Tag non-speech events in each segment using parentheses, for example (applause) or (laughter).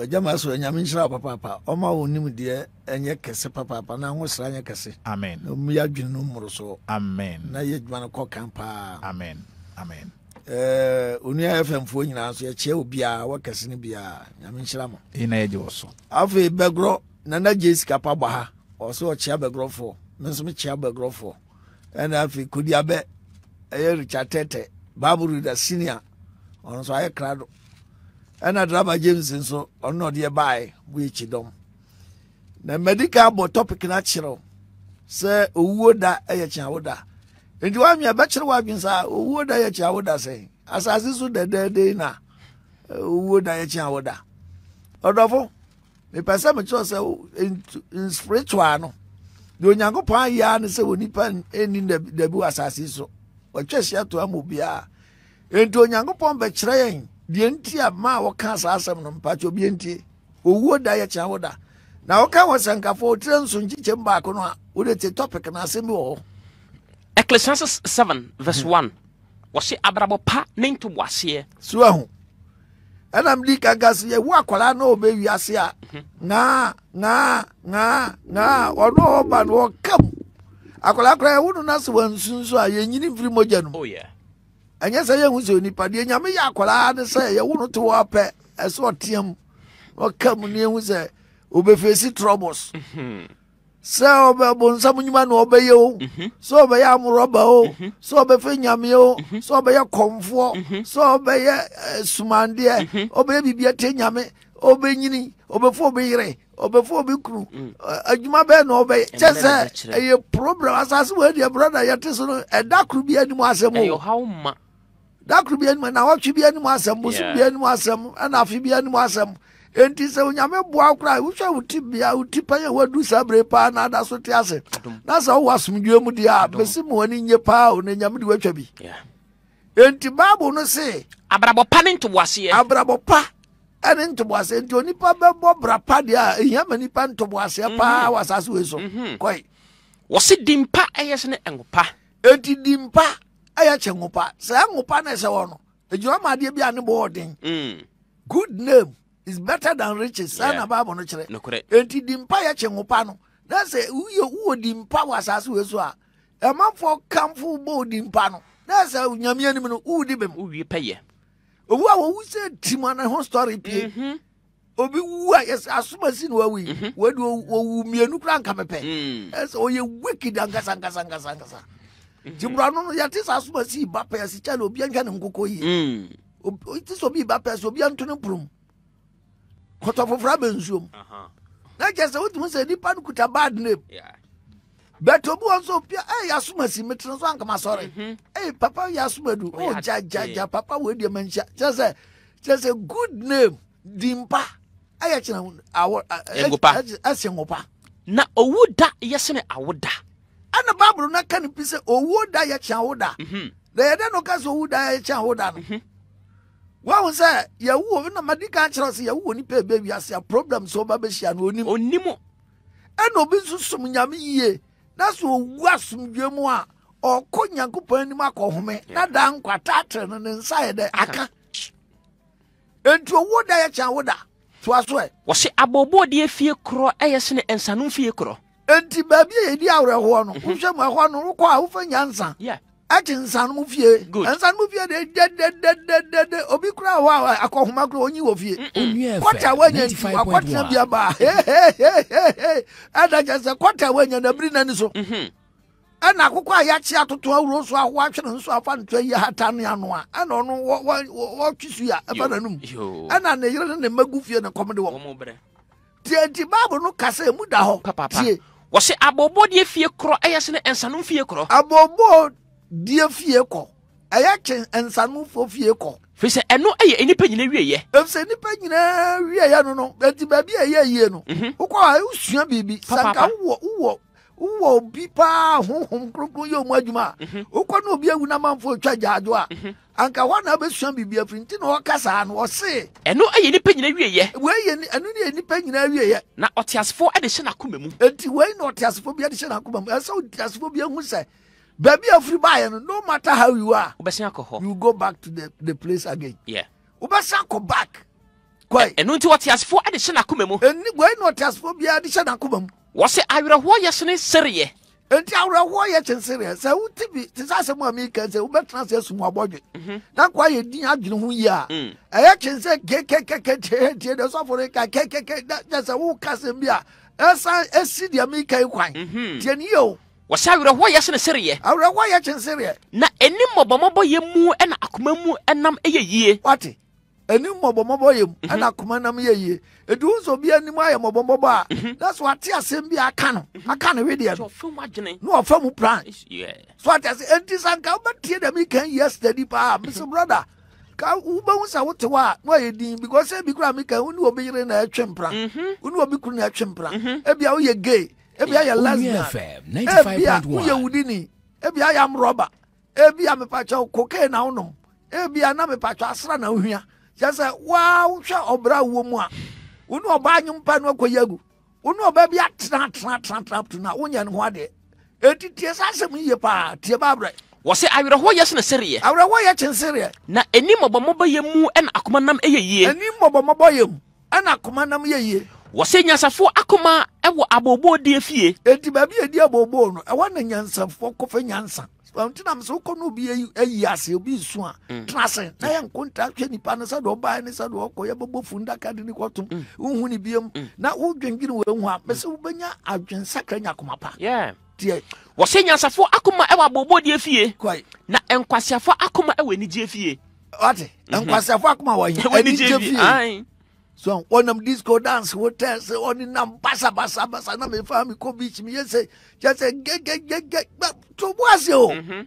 ɔgya ma sɛ nhyira wo papaapa ɔma wo nim deɛ ɛnyɛ kɛse papaapa na ho sra nyɛ kɛse amen na adwene no mmoro so amen na yɛ adwuma no kɔkan paa amen amen onua fm nyinaa so yɛkyeɛ wo biaa wɔkɛse no biaa nyame nhyira mo ɛna yɛgye wɔ so afei bɛgorɔ nana gye sika pa bɔ ha ɔsɛ ɔkyea bɛgorɔfoɔ me nso mekyea bɛgorɔfoɔ ɛna afei kodi ɛyɛ richard tɛtɛ bible reader senior ɔno nso ayɛ krado ɛna draba james nso ɔno ɔdeɛ baeɛ bu akyi dɔm na medical bɔ topic no akyerɛw sɛ owuo da yɛ kyeawo da nti wamea bɛkyerɛ wadwen saa owuo da yɛ kyeawo da sɛn asase so dɛdɛɛdɛi na owuo da yɛ kyeawo da ɔdɔfo mepɛ sɛ mekyerɛ sɛ spiritual no deɛ onyankopɔn ayɛ ne sɛ onipa ɛni dabi wɔ asase so wɔatwa ahyia to ama obiara enti onyankopɔn bɛkyerɛ yɛn deɛ nti a maa wɔka saa asɛm no mpakyɛ obi ntie owuo da yɛ kyɛn wo da na wɔka wɔ sɛnkafo ɔtire nso nkyikyɛm baako no a wode te topic na asɛm bi wɔ hɔ ecclesiastes 7 verse 1 hmm. wɔse abrabɔ pa ne ntoboaseɛ so ahu ɛna mede kanka sɛ yɛwo akwaraa na ɔbɛwi ase a naa naa naa naa ɔno ɔba no ɔka mu akwaraa koraa ɛwo no no sɛ wansu nso a yɛnyini mfiri mogya no mu oh, ɛnyɛ sɛ yɛhu sɛ onipa deɛ nyame yɛ akwaraa ne sɛ yɛwo no te hɔ apɛ ɛsɛ e ɔteɛ mu ɔka mu ne yɛhu sɛ obɛfɛsi troubles sɛ ɔbɛbonsam nnwuma na ɔbɛyɛ o sɛ ɔbɛyɛ amorɔba o sɛ ɔbɛfɛ nyameɛ o sɛ ɔbɛyɛ kɔmfoɔ sɛ ɔbɛyɛ eh, sumandeɛ ɔbɛyɛ biribia te nyame ɔbɛnyini ɔbɛfo ɔbɛyere ɔbɛfo ɔbɛkuru eh, adwuma bɛɛ na ɔbɛyɛ kyɛ sɛ ɛyɛ problem asase wɔ adiɛ brɔda yɛte so no ɛda koro bi anim asɛm o dakoro bi anim nawɔtwe bi anim asɛm bosom bi anim asɛm ɛna afe bi anim asɛm enti sɛ onyame boa koraa wohwɛ wo ti bia wo ti pa woadu saa bere paa na ada so te ase na sɛ wowɔ asomdwue mu deɛ a mɛsi ma w'ani nye paa o na nyame de woatwa bi enti bible no se abrabɔ pa ne ntoboaseɛ abrabɔ pa ɛne ntoboaseɛ nti onipa bɛbɔ bra pa deɛ a ɛhia ma nipa ntoboaseɛ mhm. paa wɔ asase wei so mhm. kɔe wɔ se dimpa ɛyɛ sene ɛngo pa enti dimpa ɛyɛ kyɛ nwopa sɛ nwopa na ɛsɛ wɔ no adwuma ma adeɛ bi a ne bɔ ɔden mm. good name is better than riches saa na baabɔ no kyerɛ enti di mpa yɛ kyɛ nwopa no na sɛ woyɛ wowɔ di mpa wɔ asase wei so a ɛmanfoɔ e kamfo bɔ di mpa no na sɛ nyame anim no wowodi bɛm wowie pɛyɛ owu a wɔwu sɛ tim ana ho story pie mm-hmm. obi wu a yɛsɛ asoma si na wawu mm-hmm. yi wɔde wɔwu mmienu kora nka mepɛ ɛsɛ ɔyɛ wicked ankasa nkasa nkasa nkasa Mhm. nti mmara no no yɛte saa soma sii ba pɛ yɛsi kyɛlɛ obi nhwɛ ne nkokɔ yie ti mm. sɛ obi ba pɛ sɛ nto ne porom kɔtɔ foforɔ abɛ nsuom na kyɛ sɛ wotumi sɛ nipa no kuta bad name bɛtɛ obi wɔn nso pia ɛyɛ yasoma si mi tena so ankama sɔre mhm. ɛyɛ papa yasoma do o oh, gya gya gya papa wo ediɛ mɛnhyia kyɛ sɛ kyɛ sɛ good name dimpa ɛyɛ kyerɛ awɔ ɛsɛ ngopa na owu da yɛ ne awo da. Ana bible na aka ne pi sɛ owuo da ya kyea wo da mhm. na yɛdɛ no ka sɛ owu da yɛ kyea wo da no mhm. wahu sɛ yɛwuo na madi ka kyerɛ sɛ yɛwuo nipa ɛbɛ wiase a problem sɛ ɔba bɛhyia no onim onim ɛna obi nso nyame yie na sɛ owu asomdwe mu a ɔkɔ nyankopɔn anim akɔhome na da nkwata atere no ne nsa yɛ aka enti owuo da yɛ kyea wo da toa so ɛ wɔse abɔɔbɔɔdeɛ fie korɔ ɛyɛ sene ɛnsano fie korɔ nti baabi a yɛdi awerɛhoɔ no mhm. wohwɛ mu ɛhɔ no wokɔ a wofa nyansa ɛkye nsa no mu fie nsa no mu fie de dedededede obi kura hɔ a akɔhoma kura onyi wɔ fie kɔta wanya nti wakɔtena bia baa ɛda kyɛ sɛ kɔta wanya nabiri nani so mm-hmm. ɛna akokɔ a yɛakye atoto awuro so ahoɔ atwene nso afa ntoa yi hata ne ano a ɛna ɔno wɔtwe su a ɛfa n'anum ɛna ne yere ne ne mma gu fie ne kɔm de wɔ tie nti no kasa emu da hɔ tie wɔsi abobo die fie korɔ ɛyɛ sini nsanum fie korɔ. abobo die fie kɔ ɛyɛ kye nsanum fo fie kɔ. fisɛ ɛno ɛyɛ nipa nyinaa wie yɛ. efisɛ nipa nyinaa wie yɛ no no eti baabi a ɛyɛ yie no. Mhm. wokɔ a esua biribi sanka wowɔ wowɔ wowɔ obi paa honhom kronkron yɛ ɔmu adwuma a wokɔ ne obi awu namanfo ɔtwa gyaadwo a mhm. anka hɔ na bɛsua biribi afiri nti na wɔka saa no ɔse ɛno ɛyɛ nnipa nyina wieyɛ weiyɛ ɛno ne yɛ nnipa nyina wieyɛ na ɔteasefoɔ ɛde hyɛ n'akoma mu enti wei na ɔteasefoɔ bi ɛde hyɛ n'akoma mu ɛsɛ ɔteasefoɔ bi ahu sɛ baabi afiri baayɛ no no matter how you are wobɛsan akɔ hɔ you go back to the, the place again yeah wobɛsan kɔ back kwae ɛno nti ɔteasefoɔ ɛde hyɛ n'akoma mu wei na ɔteasefoɔ biara de hyɛ n'akoma mu wɔsɛ awerɛhoɔ yɛ sene sereɛ nti awerɛhoɔ yɛ kye sereɛ sɛ wote bi te sɛ asɛm a meka sɛ wobɛtena sɛ asum abɔdwe mhm. na koa yɛ din adwene ho yi a mm. ɛyɛ kye sɛ kekekekekyeɛntie dɛ sɔfo no ka kekeke dɛ sɛ woka sɛm bi a ɛsan ɛsi deɛ meka yi kwan mhm. tiɛ ne yɛo wɔsɛ awerɛhoɔ yɛ sene sereɛ awerɛhoɔ yɛ kye sereɛ na ɛni mmɔbɔmmɔbɔ yɛ mu ɛna akoma mu ɛnam ɛyɛ yie wate Ani mɔbɔmɔbɔ yɛ mu ɛna mhm. akoma nam yɛ yie edu nso bi anim ayɛ mɔbɔmɔbɔ a mhm. naso ate asɛm bi aka no mhm. aka no wedeɛ no na ɔfa mu plan so ate ase enti sanka wobɛtie dɛm yi kan yɛ steady paa Mr. brother ka wobɛhu sɛ wote hɔ a na ɔyɛ din because ebi kora mi kan wo ne obi yere na ɛtwe mpran wo ne obi kuru na ɛtwe mpran ebia woyɛ gay ebia yɛ lesbian ebia woyɛ wudini ebia yɛ amrɔba ebia mepakyɛw cocaine na wonom ebia na mepakyɛw asra na wohia kyɛ sɛ woahwɛ ɔbrɛ a wɔ mu a wo ne ɔbaa nyompa no akɔyi agu wo ne ɔbaa bi atenatenatenatena to no a wonyɛ ne ho adeɛ ɛti tie saa asɛm yiye paa tie baabrɛ wɔsɛ awerɛhoɔ yɛ so sereɛ awerɛhoɔ yɛ kyen sereɛ na ɛni mmɔbɔmmɔbɔyɛ mu ɛna akoma nam ɛyɛ yie ɛni mmɔbɔmmɔbɔyɛ mu ɛna akoma nam yɛ yie wɔsɛ nyansafoɔ akoma ɛwɔ abooboo die fie ɛnti baabi yɛdi abooboo no ɛwɔ ne nyansafoɔ kɔfɛ nyansa ntina mi sɛ wokɔ no obi ayi ase obi nsu a mm. tena na yɛ nkonta hwɛ nipa no sɛde ɔbaɛ ne sɛde ɔkɔ yɛbɛbɔ fundaka de ne kɔtom mm. wohu ne biam mm. na wodwendwene wɔahu a mɛ sɛ wobɛnya adwensakra nya akoma pa deɛ wɔsɛ nyansafoɔ akoma ɛwɔ abɔbɔdeɛ fie na nkwaseafoɔ akoma ɛwɔ anigyeɛ fie wate mhm. nkwaseafoɔ akoma wɔ (laughs) anigyeɛ fie so wɔnam disco dance hotel sɛ ɔne nam basabasabasa na mefa me kɔ beach meyɛ sɛ kyɛ sɛ gegegege to boase o mhm.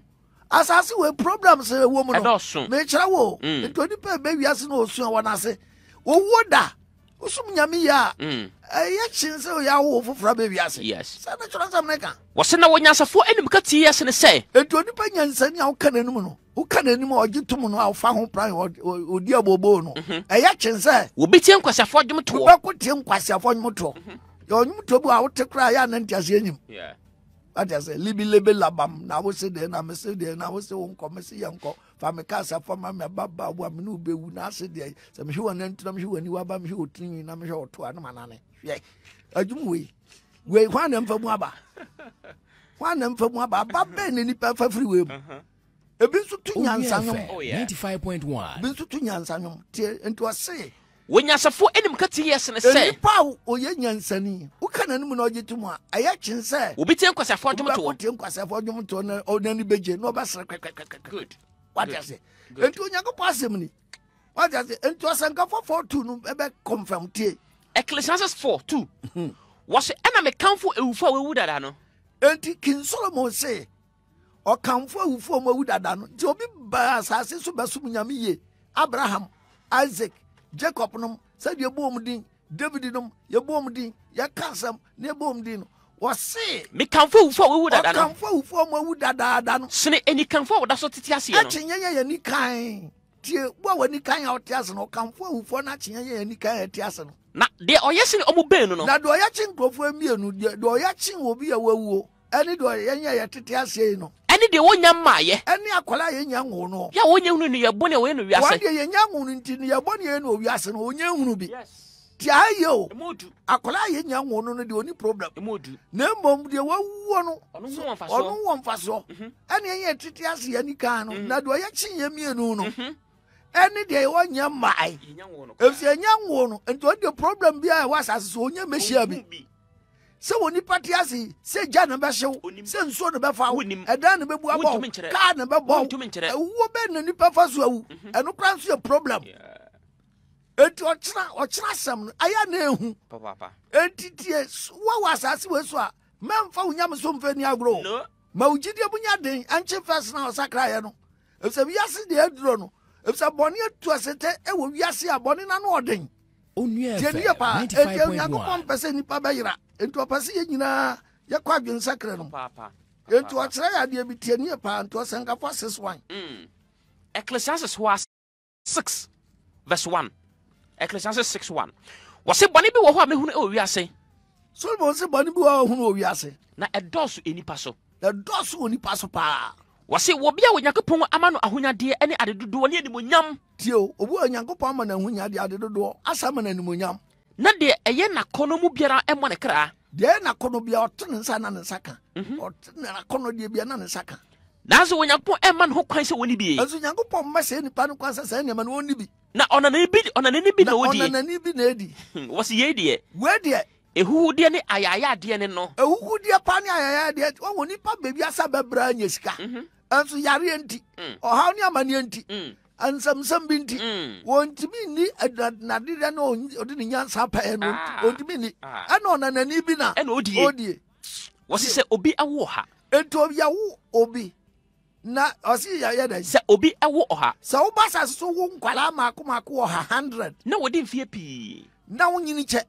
asase wei problems wɔ mu no mekyerɛ wo mm. nti onipa ɛbɛ wiase no ɔsua wɔ n'ase wɔwuo da wosom nyame yi a ɛyɛ kyen sɛ ɔyɛ awowo foforɔ bɛ wiase sɛ ne kyerɛ nsɛm ne ka wɔse na wɔnyansafoɔ anim ka tii yɛse ne sɛ ɛnti onipa nyansani a woka n'anim no woka n'anim a ɔgye tom no a wofa ho pran ɔdi abobo no ɛyɛ mhm. eh, kyen sɛ wɔbɛtie nkwaseafoɔ dwom toɔ wobɛko tie nkwaseafoɔ dwom toɔ mhm. yɛ ɔnwom toɔ bi a wote koraa yɛ a nante aseɛ wati ase libilebe labam na awosi deɛ na mesi deɛ na awosi wo nkɔ mesi yɛ nkɔ fami kaasa fama mi aba ba aboa mi n'obe wu na ase deɛ sɛ mihi ntura mihi wɔ niwa ba mihi wɔ tirinwi na mihi wɔ to anam anane hwɛ adwuma wei wei hwan na nfa mu aba hwan na nfa mu aba aba bɛɛ na nipa fa firi wei mu uh-huh. ebi nso oh, oh, tu nyansa nwom ebi nso tu nyansa nwom tie wɔnyasafo anim ka te yɛ sene sɛ nipa a ɔyɛ nyansani woka n'anim na ɔgye to mu a ɛyɛ kyen sɛ wobɛtie nkwaseafoɔ adwom toɔ wobɛtie nkwaseafoɔ adwom na ɔnani bɛgye na ɔbɛsere kwɛkwɛkwɛkwɛ wate ase enti onyankopɔn asɛm ni wate ase enti ɔsɛnka fofoɔ tu no confirm tie ecclesiastes 4 2 mhm. wɔse ɛna mekamfo awufo a wawu dada no enti king solomon se ɔkamfo awufo a wawu dada no nti obi abraham isaac jacob nom sɛdeɛ yɛbɔɔ mu din david nom yɛbɔɔ mu din yɛka asɛm na yɛbɔɔ mu din no wɔse mekamfo awufoɔ a wɔwu dada no ɔkamfo awufoɔ ma awu dadaada no sene anikamfo a wɔda so tete aseɛ no akye nyɛnyɛ yɛni kan tie wo a w'ani kan a ɔte ase no ɔkamfo awufoɔ no akye nyɛnyɛ yɛni kan a ɛte ase no na deɛ ɔyɛ sene ɔmo baanu no na deɛ ɔyɛ kye nkurɔfoɔ mmienu deɛ ɔyɛ kye wɔ bi a waawuo ɛne deɛ ɔyɛ nyɛ yɛtete aseɛ yi no ɛne deɛ wonya mmaayɛ ɛne akwala yɛ nya nwo no yɛ wonya hunu ne yɛbɔ ne wɔyɛ no wiase wɔn deɛ yɛnya nwo no nti ne yɛbɔ ne yɛn no wiase no wonya hunu bi ti a yɛ o akwala yɛ nya nwo no no deɛ oni problem na mbom deɛ wawuo no ɔno wɔ mfasoɔ mhm. ɛne yɛn tete ase yɛ nika no mhm. na deɛ ɔyɛ kyi yɛ mmienu no mhm. ɛne deɛ yɛwɔ nya mmaae efi nya nwo no nti ɔde problem bi a ɛwɔ asase so onya mehyia bi sɛ wɔ nipa te ase sɛ gya ne bɛhyew sɛ nsuo ne bɛfa wo ɛdan ne bɛbu abɔ kaa ne bɛbɔ ɛwuo bɛ na nipa fa so awu mhm. ɛno kora nso yɛ problem enti ɔkyena ɔkyena asɛm no ayɛ na ehu enti tie wawɔ asase wɔ so a mɛmfa wo nyame so mfa ni agorɔ ma wo gyidie bu nya den ɛnkye fɛs na ɔsakra yɛ no efisɛ wiase deɛ aduro no efisɛ bɔne atu asete ɛwɔ wiase a bɔne na no ɔden deɛneyɛ eh, paa onyankopɔn mpɛ sɛ nnipa bɛyera enti ɔpɛ sɛ yɛ nyinaa yɛkɔ adwensakrɛ no enti ɔkyerɛ yɛ adeɛ bi tianiyɛ paa nti ɔsɛnkafo ases wan mm. ecclesiastes hɔ a 6 verse 1 ecclesiastes 6 1 wɔse bɔne bi wɔ hɔ a mehunu ɛwɔ wiase solomon se bɔne bi wɔ a ɔhunu wɔ wiase na ɛdɔɔso ɛnipa so ɛdɔɔso wɔ nipa so paa wɔse wɔbi a onyankopɔn ama no ahonyadeɛ ne adedodoɔ ne animonyam tio obi a onyankopɔn ama no ahonyadeɛ adedodoɔ asa ama no animonyam na deɛ ɛyɛ nakɔnɔ mu biara ɛmmɔ ne kra deɛ ɛyɛ nakɔnɔ bia ɔte ne nsa na ne nsa ka mhm. ɔte ne nakɔnɔ deɛ bia na ne nsa ka nanso onyankopɔn ɛmma ne ho kwan sɛ wɔni bie ɛnso onyankopɔn mma sɛ nipa no kwan sɛ saa nneɛma no wɔnni bi na ɔnanani bi ɔnanani bi na wɔdi ɔnanani bi na ɛdi hmm, wɔsi yei deɛ wei deɛ ehuhudeɛ ne ayayadeɛ ne no. ehuhudeɛ pa ne ayayadeɛ wɔn nipa beebi asa bɛbrɛ anya sika mhm. nso yareɛ nti mm. ɔhaw ne amaneɛ nti mm. nsɛmsɛm bi nti mm. wɔntumi nni nadeɛ na ɔde ne nyansa pɛɛ no ah. ɔntumi nni ah. ɛna ɔnanani bi na ɔdie wɔsi sɛ obi awo ha. etu obi awo obi na ɔsi yɛyɛ dɛ. sɛ obi awo ɔha. sɛ wo basa soso wo nkwalaa maako maako ɔha hundred. na wɔde nfie pii. na wo nyini kyɛ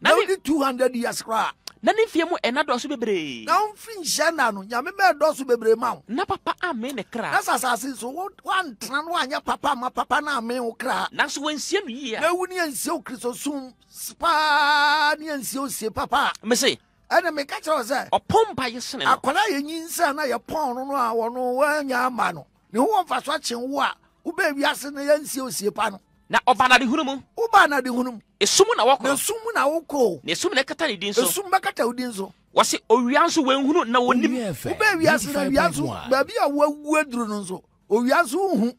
na two hundred years koraa na ne mfie mu ɛna dɔso bebree na womfi nhyɛ na no nyame bɛɛdɔso bebree ma wo na papa ame ne kra na sasase so woantena no woanyɛ papa ma papa no ame wo kra nanso wansie no yie na wu ne ansie wo kristosom paa ne ansie wo sie papa mese ɛna meka kyerɛ wo sɛ ɔpɔn ba yɛ sene no akwadaa yɛnyi nsa na yɛpɔn no no a wɔno woanya ama no ne ho wɔmfa so akye wo a wobɛɛ wiase no yɛansie wo sie pa no na ɔba nade hunu mu woba nade hunu mu esum na wɔkɔ Nesumu na wokɔ Nesumu esum na ɛkata ne din so esum bɛkata wo din so wɔsi owia nso wɔnhunu na wɔnim wobɛ wia so na wia so baabi a wawu aduro no nso owia so wohu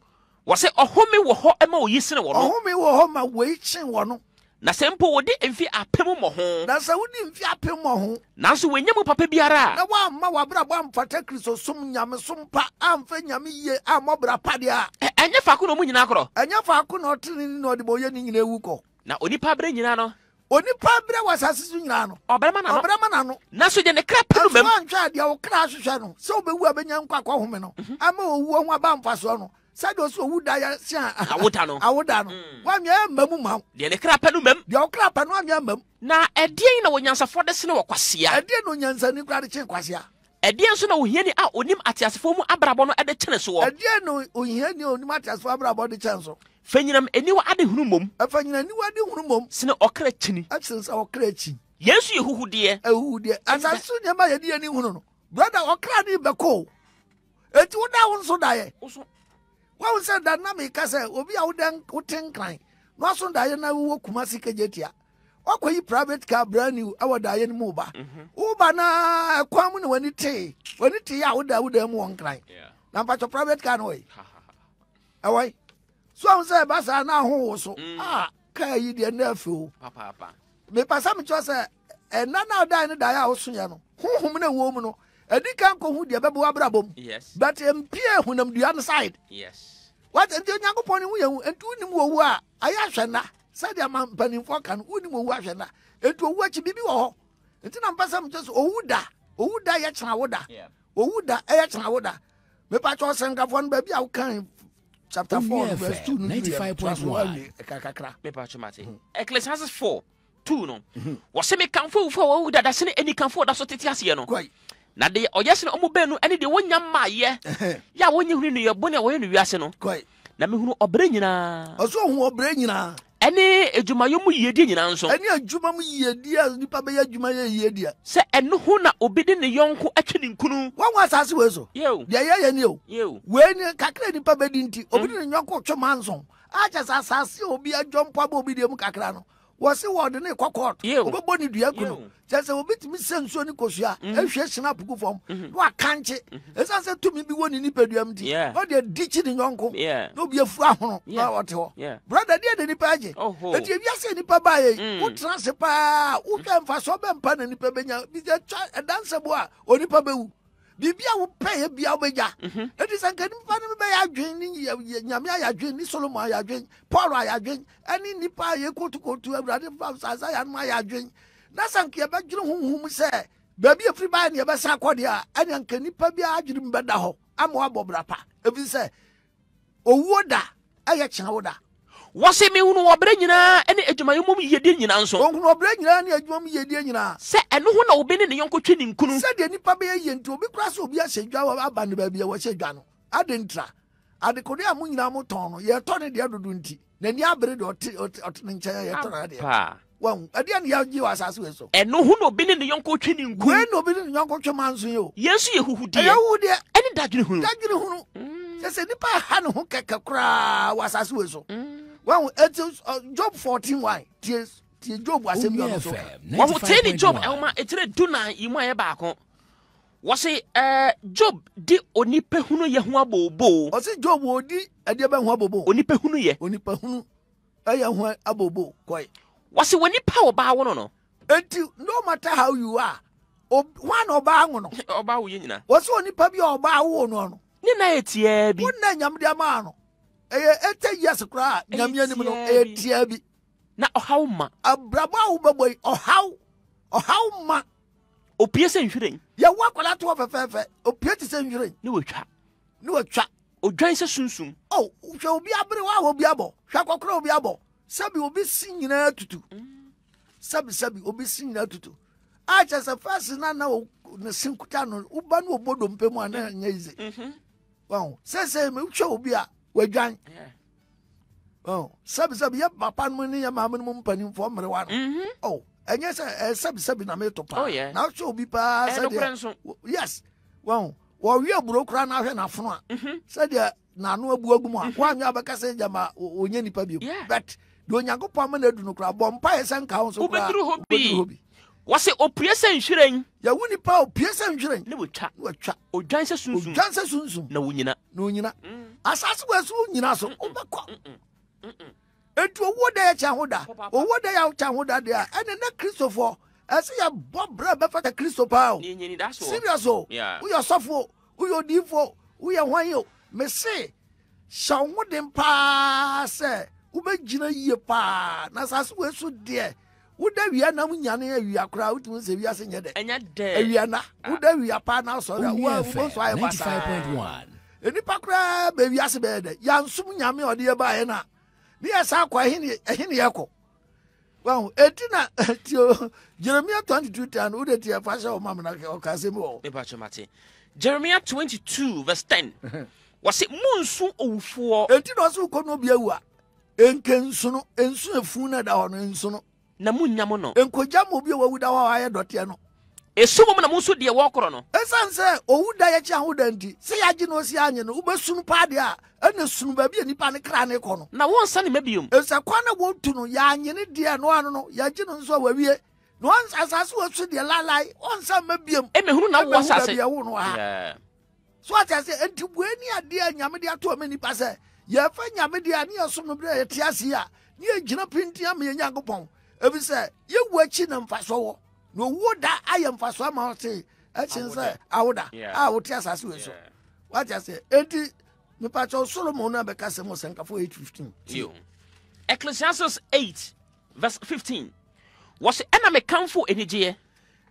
wɔsi ɔhome wɔ hɔ ma oyi sene wɔ no ɔhome wɔ hɔ ma woyi kyen wɔ no na sɛ mpo wode mfi apem mmɔ ho na sɛ wode mfi apem mmɔ ho nanso wɔanya mu papa biara na woamma w'abrabɔ amfata kristosom nyamesom pa amfa nyame yie ammɔbra pa deɛ a ɛnyɛ faako na ɔmu nyinaa korɔ ɛnyɛ faako na ɔtene ne na ɔde bɔyɛ ne nyinaa wu kɔ na onipa berɛ nyinaa no onipa berɛ wɔ asase so nyinaa no ɔbrɛma nano ɔbrɛma nano nanso gye ne kra pa no mam ɛnso anhwɛ adeɛ wo kra ahwehwɛ no sɛ wobɛwu a bɛnya nkɔ akɔhome no mhm. ama ɔwuo ho abamfa soɔ no sɛdeɛ ɔsɛ owu da yɛ se a (laughs) awoda no awoda no mm. woanwɛ ɛma mu ma deɛ ne kra pɛ no mam deɛ ɔkra pɛ no woanwɛ ma mu na ɛdeɛn na wɔnyansafoɔ de sene wɔ kwasea ɛdeɛn na onyansani kora de kyen kwasea ɛdeɛ nso na ohiani a onim ateasefoɔ mu abrabɔ no de kyene so wɔ ɛdeɛ na ohiani a onim ateasefoɔ abrabɔ de kyɛn so fa eniwa adi ade hunu mmom ɛfa nyinam aniwa ade hunu mmom sene ɔkra kyini ɛsene sɛ ɔkra kyi yɛnso yɛ huhudeɛ ɛhuhudeɛ asase so wɔn sɛ da nam ika sɛ obi a wodɛ wote nkran na ɔso daeɛ na wowɔ kuma si kegye tia wakɔyi private car brand new ɛwɔ daeɛ no mu ba woba na ɛkwan mu na w'ani tee w'ani tee a woda woda mu wɔ nkran na mpatwɔ private car no wɔyi ɛwɔyi so ɔn sɛ ɛba saa na aho wo so mm. a ah, kaa yi deɛ na afi o mepasa mekyerɛ sɛ ɛna na ɔdaeɛ no daeɛ a woso yɛ no honhom na ɛwɔ mu no ɛdi kan kɔhu deɛ bɛbɛ wabrabɔ but mpie honam dua no side wata nti onyankopɔn ne ho yɛ hu nti wonim wɔwu a ayɛ ahwɛ na sɛdeɛ ma mpanimfoɔ ka no wonim wɔwu ahwɛ na nti ɔwu akyi biribi wɔ hɔ nti na mpɛ sɛ mkyɛ so ɔwu da ɔwu da yɛ kyena wo da ɔwu da ɛyɛ kyena wo da mepakyɛ ɔsɛnkafoɔ no baabi a wokan chapter four verse two. 2 no kakakra mepakyɛ mate ecclesiastes four two. no mhm. wɔsɛ mekamfo wufo a wɔwu dada sene anikamfo a ɔda so tete aseɛ no na de ɔyɛ sɛ no ɔmo bɛn no ɛne deɛ wɔnya maayɛ (laughs) yɛ a wɔnyɛ hunu no yɛbɔne a wɔyɛ no wiase no na mehunu ɔbrɛ nyinaa ɔso hu ɔbrɛ nyinaa ɛne adwumayɔ mu yiedie nyinaa nso ɛne adwuma mu yiedie a nipa bɛyɛ adwuma yɛ yiedie sɛ ɛno ho na obi de ne yɔnko atwe ne nkunu wɔn asase wei so deɛ yɛyɛ ni o wei ni kakra nipa bɛdi nti obi de mm. ne yɔnko twɛ manson akyɛ sɛ asase a obi adwɔ mpo aba obi deɛ mu kakra no wɔsi wɔde ne kɔ court wobɛbɔ ne dua ku no kyɛ sɛ wobɛtumi sɛ nsuo ne kosua ahwɛ mhm. hyena puku fam mhm. na wakankye ɛsiane mhm. sɛ tumi bi ni ne nipaduam nti na ɔde adikyi ne yɔnko na obi afu ahono na ɔte hɔ brada deɛ de nipa agye ɛti e ewiase nipa baayɛ mm. wotena ase paa wohwɛ mfa so ɔbɛmpa na nipa bɛnya bi sɛ ɛdansɛ e a onipa bɛwu biribi a wopɛ yɛ bia wobɛgya ɛti mhm. sɛ nka nipa no bɛyɛ adwen ne nyame ayɛ adwen ne solomo ayɛ adwen paul ayɛ adwen ɛne nipa a yɛkotokotu awurade fa sasa yɛ anom ayɛ adwen na sɛ nka yɛbɛdwene honhom sɛ baabi ɛfiri baɛ ne yɛbɛsa kɔdeɛ a ɛne nka nipa bi adwene mu bɛda hɔ ama wabɔ bra pa ɛfiri sɛ owuo da ɛyɛ kyena wo da wɔsi mi hunu ɔbrɛ nyinaa ɛne adwumayɛ mu yɛdeɛ nyinaa nso. ohun ɔbrɛ nyinaa ne adwuma mu yɛdeɛ nyinaa. sɛ ɛno ho na obi ne ne yɔnko twe ni nkunu. sɛdeɛ nipa bɛyɛ yie nti obi kura sɛ obi ahyɛ dwa wɔ aba ne baabi a wɔhyɛ dwa no adi ntra adekode a mo nyinaa mo tɔn no yɛtɔ ne deɛ dodo nti n'ani abere de ɔte ɔte ne nkyɛn yɛtɔ na adeɛ. wɔn ɛdeɛ ne yɛgye wɔ asase wɛ so. ɛno ho na obi ne ne yɔnko twe ne nkunu. wɛn na obi ne ne yɔnko twe ma nso yi o. yɛn nso yɛ huhudeɛ. ɛyɛ huhudeɛ. ɛne dadwene hunu. dadwene hunu. Mm. sɛ sɛ wọn eti uh, job fourteen why tie tie job asem yọ ọdun so wọn wò tie ni job ẹwọma etire dunan yi mu ayẹ baako wɔsi ɛɛ job di onipehunu yɛ ho abobo. ɔsi job wo di ɛdiɛ bɛ ho abobo. onipehunu yɛ. onipehunu ɛyɛ ho abobo kɔɛ. wɔsi wɔn nipa ɔbaa wɔn no. eti no matter how you are wọn na ɔbaa wɔn no. ɔbaa wo yɛ nyina. wɔsi wɔn nipa bi ɔbaa wo no. ne na yɛ tiɛ bi. wọn na nyamdi ama ano ɛyɛ ɛtɛ years koraa nyame anim no ɛyɛ tia bi na ɔhaw ma abrabɔ a wobɛbɔ yi ɔhaw ɔhaw ma opie sɛ nhwiren yɛwo akwadaa to hɔ fɛfɛɛfɛ opie te sɛ nhwiren ne watwa ne watwa odwan sɛ sunsum o hwɛ obi abere wa a obi abɔ hwɛ kɔkora obi abɔ sɛbi obi si nyinaa tutu mm. sɛbi sɛbi obi si nyinaa tutu a kyɛ sɛ fɛsi na na ne sin kuta no woba ne obɔ dompe mu a na nyɛ yize mm-hmm. sɛsɛ mi hwɛ obi a wadwan oh, sɛbisɛbi yɛ papa no mu mm-hmm. oh, ne yɛ maame no mu mpanimfoɔ mmerewa no ɛnyɛ eh, sɛ sɛbisɛbi na meto paa oh, na sɛ obi paa eh, sɛdeɛ yes wɔn wɔwie aburo koraa na ahwɛ n'afono a mm-hmm. sɛdeɛ eh, n'ano abu agu mu a wɔanyɛ abɛka sɛ gyama onye nipa bio but deɛ onyankopɔn ama na adu no koraa bɔ mpa yɛ sɛ nka ho so Wasi opie sɛ nhwiren. yawu nipa opie sɛ nhwiren. ne wotwa ne wotwa. odwan sɛ sunsun odwan sɛ sunsun. na wonyina. na wonyina. Mm. asase wo esu nyina so o bɛ kɔ. etu owó de yɛ kyɛn ho da owó de yɛ kyɛn ho da de a ɛna ne kristofo ɛsi yɛ bɔ brɛ bɛfɛ tɛ kristo paa o. serious o woyɛ sɔfo woyɛ odiifo woyɛ hwan o mesi hyɛn ho den paa sɛ wobɛ gyina yie paa na asase wo esu deɛ woda wia na mu nyane awia koraa wotumi sɛ wiase nyɛ dɛ awia na ah. woda wia paa na asɔre a wobɛsɔ ayɛ pasaa ɛnipa koraa bɛwiase bɛyɛ dɛ yansom nyame a ɔde yɛbaeɛ no a ne yɛ saa kɔ ɛhene yɛkɔ wahu eti na (laughs) tio jeremia 22 10 wode tiɛ fa hyɛ wo ma mena ɔkasɛ mu wɔ mepakyɛ mate jeremia 22 vs 10 wɔse monsu owufoɔ enti na ɔse wokɔ no obi awu a ɛnkɛ nsu no ɛnsu afu no da hɔ no nsu no na monnya mo no nkogya ma obi a wawu da hɔ a wayɛ dɔteɛ no ɛsu mu na mo nso deɛ wɔkorɔ no ɛsiane sɛ owu da yɛkyi ahoda nti sɛ yɛagye na ɔsi anye no wobɛsunu paa deɛ a ɛna sunu baabi a nnipa ne kra ne kɔ no na wɔnsa ne ma biom ɛsɛ kwan na wɔtu no yɛanye ne deɛ no ano no yɛagye no nso a wawie na ɔnsa asase wɔsu deɛ lalae ɔnsa ma biom ɛmɛhunu na wowɔ asase ɛwo no ha so ɔkyɛ sɛ enti bue ne adeɛ a nyame de atoa sɛ yɛ ebi sɛ yewu akyi na mfasoɔ wɔ na owuo da ayɛ mfasoɔ ama ɔte ɛkyin sɛ awoda a wote asase wei so wate ase eti mipatsɛ solomon na bɛka sɛ mo sɛnkafo eight fifteen. ecclesiastes eight verse fifteen wɔsi ɛna mekamfo anigyeɛ.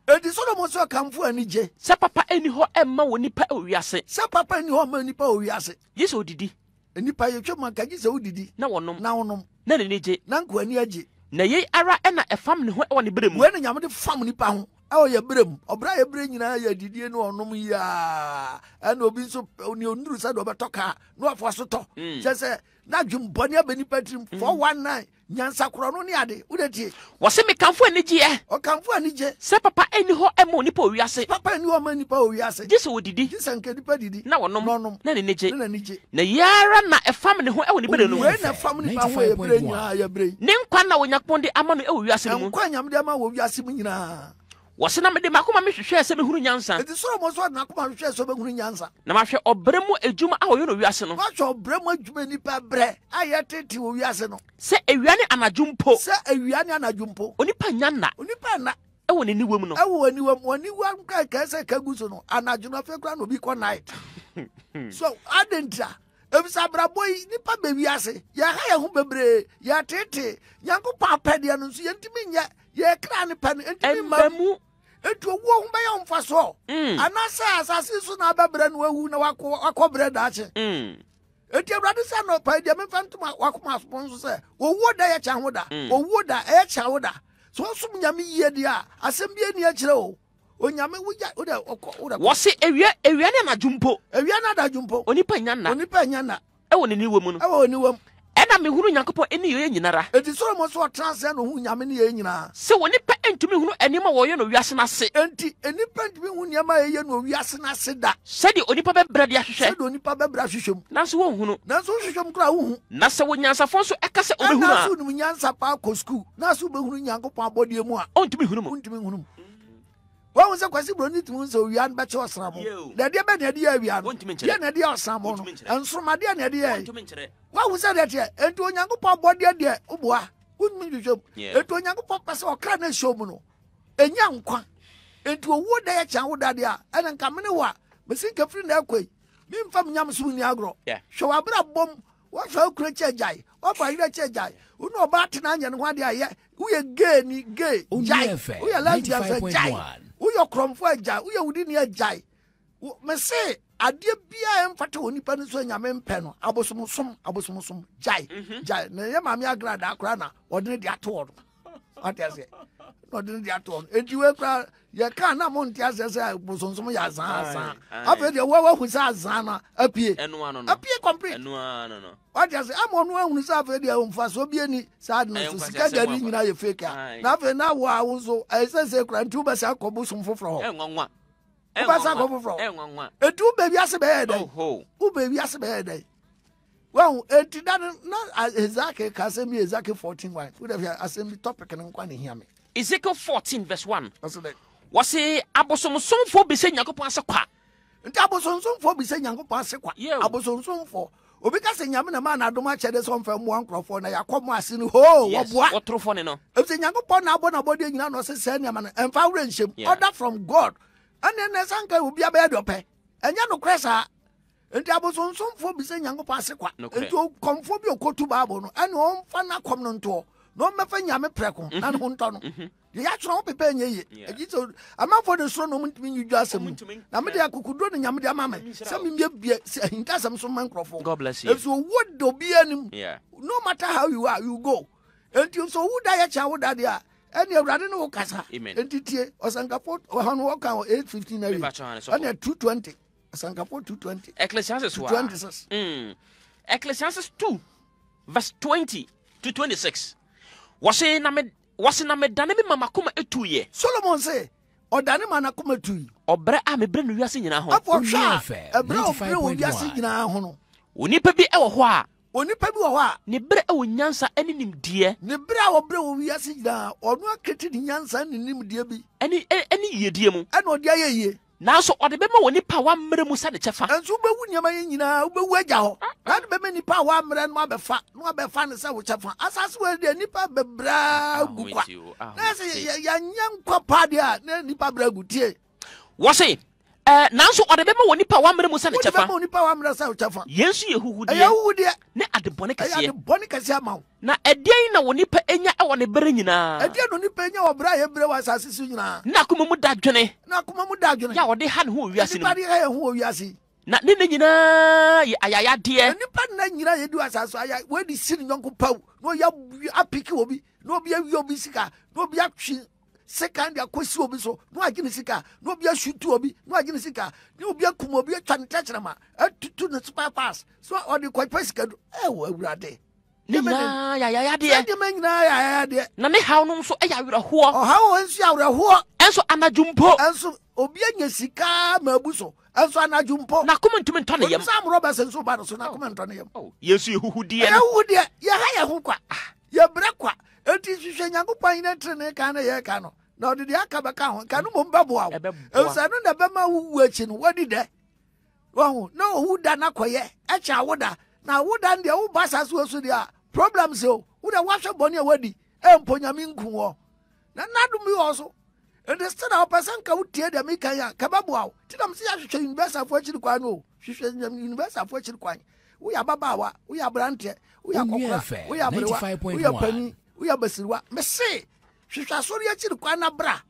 edi solomon sɛ ɔkamfo anigye. sɛ papa eni hɔ ɛmma wɔ nipa owiase. sɛ papa ani hɔ ɛmma nipa owiase. yesu odidi. nipa yɛ twɛ mu aka gye sɛ odidi. na wɔnom na wɔnom. na n'ani gye. na nkɔ ani agye na yei ara ɛna ɛfam ne ho ɛwɔ ne berɛ mu wei ne nyame de fam nipa ho ɛwɔ yɛ berɛ mu ɔbrɛ yɛ berɛ nyinaa yɛ adidie ne ɔnom yiaa ɛna obi nso ne onuru sɛ ɔbɛtɔ kaa na wafoa so tɔ mm. kyɛ sɛ na dwumpɔni abɛ nipa tirim mm. four one nine nyansa korɔ no ne ade wode tie wɔse mekamfo anigyeɛ ɔkamfo anigye sɛ papa ɛni hɔ ɛma onipa owiase papa ɛni hɔ ma nipa owiase gye sɛ wɔdidi gye sɛ nka nipa didi na wɔnom nɔnom na ni nigye na nigye na yɛara na ɛfam ne ho ɛwɔ ne bɛrɛ no mu na ɛfam nipa ho yɛbrɛ nyinaa yɛbrɛ ne nkwa na onyankopɔn de ama no ɛwɔ wiase no mu nkwa nyame de ama wɔ wiase mu nyinaa wɔse na mede makoma mehwehwɛɛ sɛ mehunu nyansa na mahwɛ ɔbrɛ mu adwuma a wɔyɛ no wiase no sɛ awia ne anadwo mpo onipa nya nna ɛwɔ ne niwam no ɛwɔ ebisa (laughs) abrabɔ yi nipa beebi ase yɛha yɛn ho bebree yɛtete nyankopɔn apɛdeɛ no nso yɛntumi nyɛ yɛkra ne pɛ no ɛntumi mma mu etu owu ohun bɛyɛ nfa soɔ mm. anaasɛ asase so na abɛbrɛ no wawu na wakɔ brɛ daakye mm. eti awurade sɛ nɔpa deɛ mefa ntoma wakoma asopɔ nso sɛ owuo da yɛ kyɛ ho da mm. owuo da ɛyɛ kyɛ ho da sɛ wosom nyame yie deɛ a asɛm bi ani akyerɛ o onyame woya wode wode wɔse awia awia ne anadwo mpo awia ne anadwo mpo onipa nya nna onipa nya nna ɛwɔ ne niwa mu no ɛwɔ ne niwa mu ɛna mehunu nyankopɔn ne yɛyɛ nyinara enti solomo so ɔtena sɛ no ɔhu nyame ne yɛyɛ nyinaa sɛ wɔ nipa ntumi hunu nneɛma wɔyɛ no wiase no ase enti enipa ntumi hu nneɛma a ɛyɛ no wiase no ase da sɛdeɛ onipa bɛbrɛ de ahwehwɛ sɛdeɛ onipa bɛbrɛ ahwehwɛ mu nanso wɔnhunu nanso wohwehwɛ mu koraa wohu na sɛ wɔnyansafoɔ nso ɛka sɛ ɔbɛhunu a ɛnanso wonim nyansa paa kɔ skul nanso wobɛhunu nyankopɔn abɔdeɛ mu a ɔntumi hunu hunu mu wɔn sɛ kwasi buroni tumi sɛ owia no bɛkyɛ ɔsram na deɛ bɛ na ɛde yɛ awia no deɛ na ɛde yɛ ɔsram no nsoroma deɛ na ɛde yɛ wɔn sɛ deɛ teɛ nti onyankopɔn bɔ deɛ deɛ oboa wotumi twitwam nti onyankopɔn pɛ sɛ ɔkra no ahyia mu no ɛnya nkwa nti owuo da yɛ kyɛn woda deɛ a ɛna nka mene wɔ a mesi nkafiri na ɛkɔ yi memfa m nyam som ni agorɔ hwɛ wɔ abrɛ bɔm wɔhwɛ wo kuro kyɛ gyae wɔkɔ ayerɛ kyɛ gyae wone ɔbaa tena anyɛ no ho adeɛ ayɛ woyɛ gay ni gay gyae woyɛ lesbian gyae woyɛ agyae mese adeɛ biaa ɛmfata wɔ nipa no so mpɛ no abosomsom abosomsom gyae mhm. gyae na ɛyɛ maame na ɔde ne de ato ɔte aseɛ na ɔde no de ato ɔno eti wei kura yɛ kaa na mo nte aseɛ sɛ bosonsom yɛ azan azan afei deɛ wɔwɔ hu sɛ azan na apie apie complete ɔte aseɛ ama ɔno ahunu sɛ afei deɛ nfasoɔ bie ni saa de no so sika gari nyinaa yɛ fake a na afei awo nso ɛsɛsɛ kura nti wobɛsɛ akɔ bosom foforɔ hɔ wobɛsɛ akɔ foforɔ etu wo baabi ase bɛyɛ dɛ wo baabi ase bɛyɛ dɛ wahu eti da na ezake ka ezake fourteen one wúdà fi asɛm topic ne nkwa ne hia mi. ezekiel fourteen verse one. wɔsi abosomsomfo bisɛ nyankopɔn ase kwa. nti abosomsomfo bisɛ nyankopɔn ase kwa abosomsomfo obi ka nyame na maa na adom akyɛ de sɛ ɔmfa mmoa na yɛakɔ mo ase no hoo wɔboa ne no ɛfisɛ nyankopɔn na abɔ nabɔdeɛ nyina na ɔse sɛ nneɛma no ɛmfa werɛ nhyɛm order from god ɛne nɛ sɛ nka obia bɛyɛ deɛ ɔpɛ ɛnyɛ nokorɛ saa nti abosonsomfoɔ bisa nyankopɔn ase kwa nti kɔmfoɔ bi ɔkɔtu bible no ɛne ɔmfa no akɔm no ntoɔ na ɔmmɛfa nyame prɛko mhm. na ne ho ntɔ no mhm. yɛatwerɛ wo pepɛ nyɛ ye agyi sɛ de soro na ɔmntumi nwidwa asɛm mu na mede akokoduro ne nyame ama me sɛ memyɛ bia sɛ ahinka asɛm so ma nkurɔfoɔ ɛfisɛ ɔwuo da obiaa nim no matter how you are you go enti sɛ ɔwu da yɛkyɛ wo da deɛ a ɛne awurade ne wo kasa enti tie ɔsankafoɔ ɔhano wɔka 815 ɛne 220 Sankapo 220. Ecclesiastes 226. Mm. Ecclesiastes 2 verse 20 to 26. Wɔse na me wɔse na medane me mama koma etuyɛ. Solomon se ɔdane ma na koma tui. Ɔbrɛ a mebrɛ no wiase nyinaa ho. Afɔ hwɛ a ɛbrɛ ɔbrɛ wɔ wiase nyinaa ho no. Onipa bi ɛwɔ hɔ a. Onipa bi wɔ hɔ a. Ne berɛ ɛwɔ nyansa ɛne nimdeɛ. Ne berɛ a ɔbrɛ wɔ wiase nyinaa ɔno akete ne nyansa ne nimdeɛ bi. Ɛne ɛne yiedie mu. Ɛna ɔde ayɛ yie nanso ɔde bɛma wɔ nipa a wammerɛ mu sɛ ne kyɛfa ɛnso wobɛwu nneɛma yɛ nyinaa wobɛwu agya hɔ na ah, ah. de bɛma nipa a wammerɛ no abɛfa na wabɛfa ne sɛ wo kyɛfa asase wɔdeɛ nipa bɛbrɛa ah, gu kwa na ɛsɛ yɛanyɛ nkwa paa deɛ a na nipa brɛ gu tie wɔ nanso ɔde bɛma wɔ nipa wammerɛ mu sɛ ne kyɛfa yɛnso yɛ huhudeɛ ne ade bɔne kɛseɛ ma wo na ɛdeɛn na wɔ nipa ɛnya ɛwɔ ne berɛ nyinaa na nipa ɛnya wɔ berɛ a yɛbrɛ wɔ asase so nyinaa na akoma mu da dwene na akoma mu da dwene yɛ wɔde ha ne ho wɔ wiase nipa de na ne ne nyinaa yɛ ayayadeɛ nipa nna nyinaa yɛdi wɔ asase so aya wɔadi si ne nyɔnko paw na apiki wɔ bi na obi awie obi sika na obi atwe sika de akɔsi obi so na wagye ne sika na obi asutu obi na wagye ne sika na obi akum obi atwa ne tɛkyerɛma atutu ne super pass so ɔde kɔpɛ sika do ɛwɔ awurade ne nyinaa yɛayɛyadeɛ sɛdeɛma nyinaa yɛayɛyadeɛ na ne haw no nso ɛyɛ e awerɛhoɔ ɔhaw wɔ nso yɛ awerɛhoɔ ɛnso anadwo mpo ɛnso obi anya sika maabu so ɛnso anadwo mpo na akoma ntumi ntɔ ne yam sɛ amorɔ bɛsɛ nso ba no so na akoma ntɔ ne yam yɛnso oh, yɛhuhudeɛ yɛhuhudeɛ yɛha yɛ ho kwa ah, yɛbrɛ kwa eti hwehwɛ nyankopɔn ne ne yɛ ka no na ɔde deɛ aka bɛka ho nka no mmom bɛboa wo no na bɛma wowu akyi no wadi dɛ wahu na owu da na kɔyɛ ɛkyɛ awoda na awoda no deɛ woba saa so so deɛ a problem o wodɛ bɔne a wadi ɛmpo nku wɔ na nadom bi wɔ so sɛ na wɔpɛ sɛ nka wotie deɛ meka yi a ka wo nti nam sɛ yɛahwehwɛ universalfoɔ akyiri kwan no o hwehwɛ universalfoɔ kwan woyɛ ababaawa woyɛ aberanteɛ woyɛ akɔkora woyɛ aberewa woyɛ woyɛ basiriwa mese hwehwɛ asɔre akyiri kwa na bra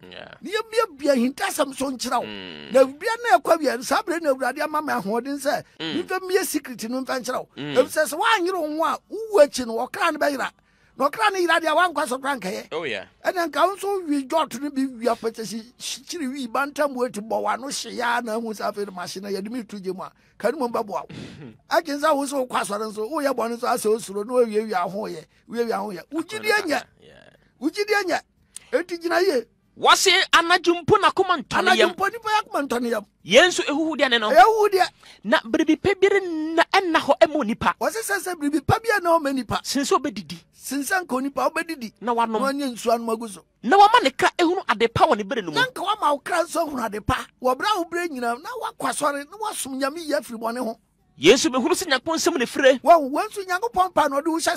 ne yɛbiabia hintasɛm so nkyerɛ wo mm. na bia na ɛkɔ wie saa berɛ na awurade ama me ahoɔden sɛ nipa mm. mmie secret no mfa nkyerɛ wo mm. ɛfisɛ sɛ woanyere wo ho a wowu akyi no wɔkra no bɛyera na ɔkra ne yera deɛ wankwa so kra nkɛyɛ oh, ɛnɛ nka wo nso wi jɔt no bi wia pɛkyɛ kyiri wii bantamua ti bɔ wano hyeyaa na ahu sɛ afei no mahye no yɛde meto gye mu a ka mu bɛboa wo (laughs) agye sɛ wo so wokɔ asɔre nso woyɛ bɔne nso asɛ osuro na wawiawia ahoyɛ wiawia ahoyɛ wogyideɛ nyɛ wogyideɛ nyɛ ɛnti gyina yie wɔse anadwo mpo nakoma ntɔneyam yɛn so ɛhuhu deɛ ne no na biribi pɛ biara na ɛna hɔ ɛma onipa wɔse sɛ na ɔma nipa sen sɛ wobɛdidi sen sɛ nka na wanom wanyɛ nsuo na wama ne kra ɛhunu ade pa wɔ ne berɛ no mu na nka wama wo kra nso hunu ade pa na woakɔ asɔre na woasom nyame yi afiri bɔne ho yesu bɛhunu sɛ nyankopɔn nsɛm ne firɛ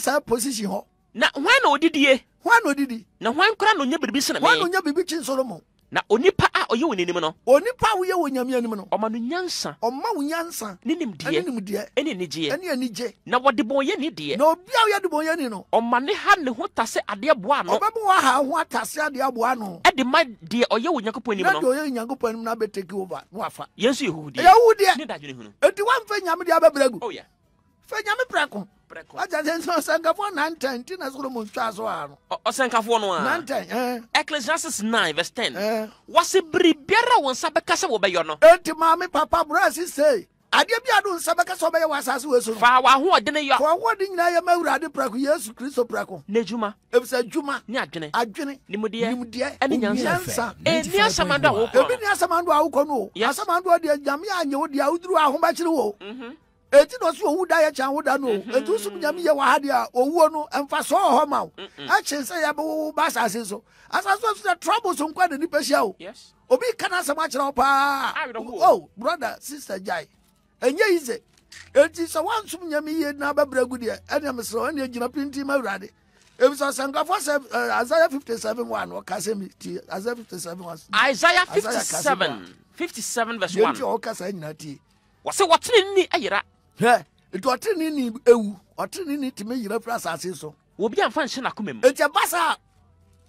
saa position na hwan na odidie hwan na odidi na hwan koraa na onye biribi sene me na onye biribi kyin solomon na onipa a ɔyɛ wɔ n'anim no onipa a woyɛ wɔ anim no ɔma no nyansa ɔma wo nyansa ne nimdeɛ nimdeɛ ɛne anigyeɛ ɛne anigye na wɔde ni deɛ na obi a woyɛ de bɔnyɛni no ɔma ne ha ne ho tase adeɛ boa ano ɔbɛbɔ wɔ ha ho atase adeɛ aboa ano ɛde ma deɛ ɔyɛ wɔ nyankopɔn anim no na deɛ ɔyɛ nyankopɔn anim no abɛtaki over na wafa yɛn so yɛ huhudeɛ yɛhudeɛ ne dadwene hunu ɛnti woamfa nyame deɛ abɛbrɛ gu oh, fɛ nyame prɛko agya sɛ nso ɔsɛnkafoɔ nantɛn nti na solomon twa so a no ɔsɛnkafoɔ no a eh. ecclesiastes 9 vs 10 eh. wɔse biribiara wo nsa bɛka sɛ wɔbɛyɔ no enti maame papa mmorɛ asi sei adeɛ bi a do nsa bɛka sɛ wɔbɛyɛ wɔ asase wɔ so no fa wɔahoɔdene yɔ fa wɔahoɔden nyinaa yɛ ma awurade prako yesu kristo prako na adwuma ɛfisɛ adwuma ne adwene adwene nimdeɛ nimdeɛ ɛne nyansa ɛni eh, asamando a wokɔ ebi ni asamando a wokɔ no o asamando a deɛ nyame anyɛ wo deɛ a woduru ahomɛkyere wo mhm eti na ɔsi owu da yɛ kyɛn ahoda no mm-hmm. etu sum nyame yɛ wɔ ha deɛ owuo no mfa so wɔ hɔ ma o akyi sɛ yɛbɛwowo ba asase so asase so sɛ trouble so nkwa na nipa hyia o obi ka asɛm akyerɛ wo paa o oh, brother sister gyae ɛnyɛ yize eti sɛ wansum nyame yie na bɛbrɛ gu deɛ ɛne mesrɛ ɛne gyina pinti ma awurade ebisa sankafoɔ sɛ eh, isaiah 57 1 ɔka sɛ mi ti isaiah 57 1 isaiah 57 57 verse 1 yɛnti ɔwɔ kasa nyinaa tie wɔsɛ wɔtene nni ayera hwɛ nti ɔtene ni ewu ɔtene ni tìmi yira firi asase so. obi anfa nhyɛn akoma mu. nti basa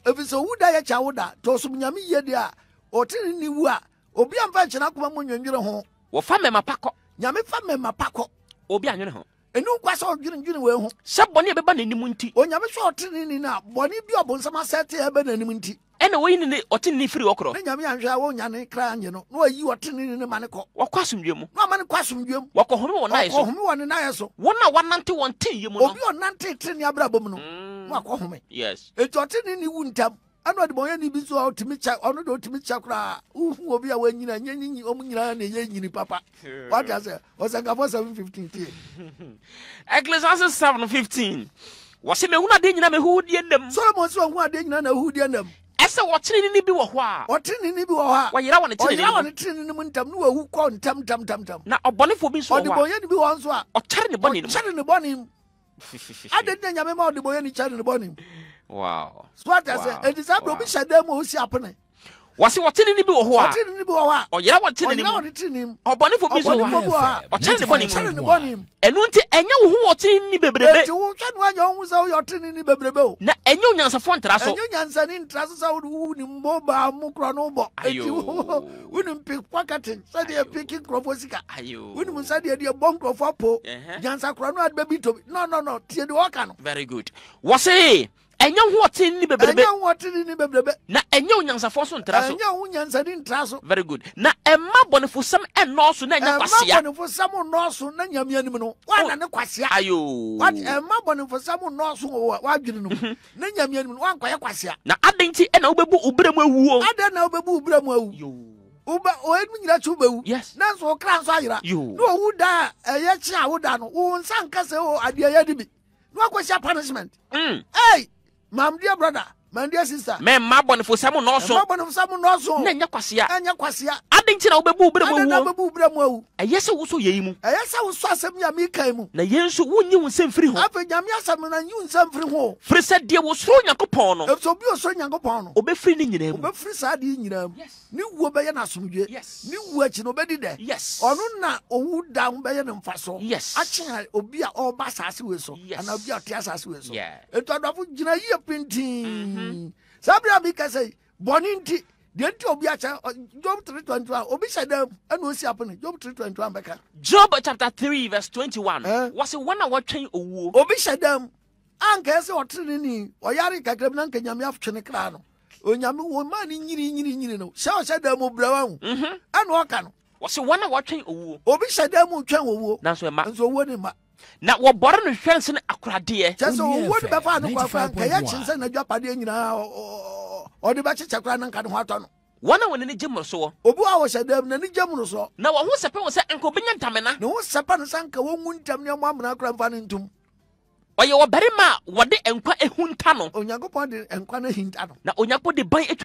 efisɛ owu da yɛ kyɛ awo da tɔsum nyame yie deɛ ɔtene ni wu a obi anfa nhyɛn akoma mu nwendwere ho. wɔfa mɛma pa kɔ. nyame fa mɛma pa kɔ. obi anwene ho. enu nkwa sɛ ɔdwene dwene wɔ ehu. sɛ bɔnni a bɛba n'anim nti. onyame sɛ ni na bɔnni bi ɔbɔnsɛm asɛte ɛbɛ n'anim nti ɛna wɔyi ne ne ɔtene firi wɔ korɔ. ne nyame anhwɛ a wɔnya ne kra nye no na wayi ɔtene ne ma ne kɔ. wɔkɔ asomdwe mu. na ɔma ne kɔ asomdwe mu. wɔkɔ wɔ nan yɛ wɔ ne nan so. wɔn a wɔnante wɔn ten yɛ mu no. obi ɔnante ten ne abrabɔ mu no. Mm. na wakɔ yes. etu ɔtene ne wu ntam ɛna ɔde bɔnyɛ ne bi so a ɔtumi kyɛ ɔno de ɔtumi kyɛ koraa wohu obi a wanyina nyɛnyi ɔm nyinaa na ɛyɛ nyini papa hmm. wate asɛ ɔsɛnkafɔ 715 tie (laughs) ecclesiastes 715 wɔsɛ mehunu adeɛ nyina mehuhudeɛ nam solomon sɛ ɔhu adeɛ nyina na ahuhudeɛ nam ɛsɛ wɔtenenene bi wɔ hɔ a ɔtenene bi wɔ hɔ a wɔyera wɔ ne tenenene ɔyera wɔ ne tenenene mu ntam ne wawu kɔ ntam ntam ntam ntam na ɔbɔnefoɔ bi nso wɔ hɔ a ɔdebɔnyɛni bi wɔ nso a ɔkyɛre ne bɔne ɔkyɛre ne bɔne mu adɛ ne nyame ma ɔdebɔnyɛni kyɛre ne bɔne mu wow so ata sɛ ɛdi sɛ abɛ obi hyɛ dan mu a apene wɔsi wɔtini ni bi wɔ hɔ a wɔtini ni mu ɔyɛ wɔtini bi so wɔ ɔkyɛn ni bɔ mu ɛnu nti ɛnyɛ wo ho wɔtini ni bebrebe na ɛnyɛ onyansafo ntara ntara so sɛ wo (laughs) very good wɔsi ɛnyɛ ho ɔtene ni bebrebe na ɛnyɛ onyansafoɔ so ntra so good na ɛma bɔnefosɛm ɛnɔɔso na ɛnya kwasia ɛma bɔnefosɛm nɔɔso na nyame anim no wana oh. ne kwasia ayo ɛma bɔnefosɛm nɔɔso wɔ wadwene no mhm. na nyame na adɛn nti ɛna e wobɛbu wobrɛ mu awuo adɛn na wobɛbu wobrɛ mu wu. woba oenim nyina kyi wobɛwu nanso wo kra nso ayera na owu da a ɛyɛ kye a woda no wo nsa nkasɛ o adeɛ yɛ di bi na wakɔhyia punishment mm. Hey maam dear brother mandeɛ sista. mɛ mmaa bɔnifo sɛmu nɔɔso. mmaa bɔnifo sɛmu nɔɔso. na nyɛ kwasia. na nyɛ kwasia. adi nti na wobɛbu wubere mu wu. adi na wobɛbu wubere mu awu. ɛyɛ sɛ woso yɛ yi mu. ɛyɛ sɛ woso asɛm yɛ mi kan mu. na yɛn nso wunyi wo nsɛm firi ho. afei nyame asɛm na nyi wo nsɛm firi ho. firi sɛ deɛ wosoro nyankopɔn no. efisɛ obi osoro nyankopɔn no. obɛfiri ne nyinaa mu. obɛfiri saa de nyinaa mu. ne wuo bɛyɛ n'asomdwe. ne wuo akyi no obɛdi dɛ. ɔno na owu da ho bɛyɛ ne mfa so. akyɛn obi a ɔba asase wei so. ana obi a ɔte asase wei so. etu adɔfo gyina yie pintin. Mhm pii saa bere a mi kasa yi bɔnni nti deɛ nti obi akyɛ job three twenty one obi hyɛ dɛm ɛna osi apono job three twenty one bɛka. job chapter three verse twenty one wɔsi eh? wɔn a wɔtwɛn owuo. obi hyɛ dɛm anka ɛsɛ ɔtiri ne ni ɔyare kakra bi nanka nyame atwe ne kra no onyame wɔn maa ne nyiri nyiri nyiri no hyɛ ɔhyɛ dɛm mu brɛ wɔn ɛna ɔka no. wɔsi wɔn a wɔtwɛn owuo. obi hyɛ dɛm mu twɛn owuo. nanso ɛma na koradeɛ. kyɛ sɛ oh, owó de bɛfa ano kwafa nkɛyɛ kyinsɛn na adwapadeɛ nyinaa ɔde bɛkyekyɛ kora na nka ne ho atɔ no wɔn a wɔn ani gye mu soɔ. obi a wɔhyɛ dɛm n'ani gye mu soɔ. na wɔn ho sɛpɛ wɔn sɛ nka obenya ntamena. na wɔn sɛpɛ no sɛ nka wɔn mu ntam nneɛma amena akora nfa ne ntum. ɔyɛ ɔbarima a wɔde nkwa ehunta no. onyankopɔn de nkwa no ehinta no. na onyankopɔn de ban etu.